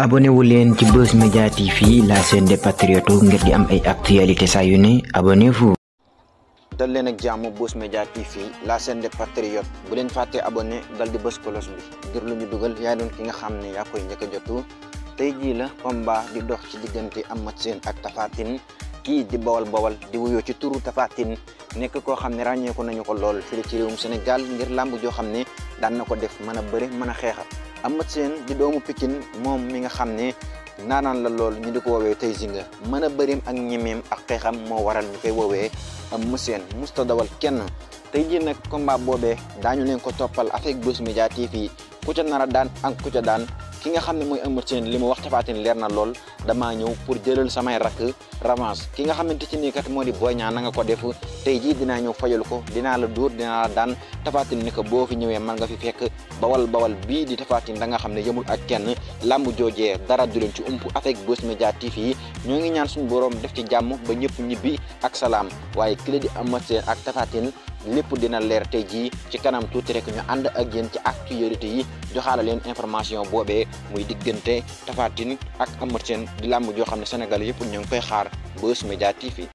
abonné wu leen ci Buzz Media TV la chaîne de patriotes ngir di am ay actualité saa yu ne abonnez-vous. dal leen ak jàmm Buzz Media TV la chaîne de patriotes bu leen fàtte abone dal di bës kolos bi ngir lu ñu dugal yaa doon ki nga xam ne yaa koy njëkk jotu tey jii la combat di dox ci diggante am Sène ak Tapha kii di bawal bawal di wuyoo ci turu Tapha nekk koo xam ne ràññeeku nañu ko lool fii ci réewum Sénégal ngir làmb joo xam ne daan na ko def mën a bëre mën a xeexa Eumeu Sène di doomu Pikine moom mi nga xam ne naanaan la lool ñu di ko woowee tey zinga mën a bërim ak ñemeem ak xeexam moo waral ñu koy woowee Eumeu Sène musta dawal kenn tey jii nag combat boobee daañu leen ko toppal avec Buzz Media TV ku ca nar a daan ak ku ca daan ki nga xam ne mooy Eumeu Sène li mu wax Tapha Tine leer na lool damaa ñëw pour jëlal samay rakk revanche ki nga xamante ne nii kat moo di Boy Niang na nga ko def te jii dinaa ñëw fajal ko dinaa la dóor dinaa la daan Tapha Tine ni ko boo fi ñëwee man nga fi fekk bawal bawal bii di Tapha Tine da nga xam ne yëmul ak kenn làmb joojee dara du leen ci ump avec Buzz Media TV yi ñoo ngi ñaan suñu borom def ci jàmm ba ñëpp ñibbi ak salaam waaye kii la di ak Tapha lépp dina leer tey jii ci kanam tuuti rek ñu ànd ak yéen ci actualité yi joxaala leen information boobee muy diggante Tapha Tine ak Eumeu Sène di làmb joo xam ne Sénégal yëpp ñu ngi koy xaar Buzz Media TV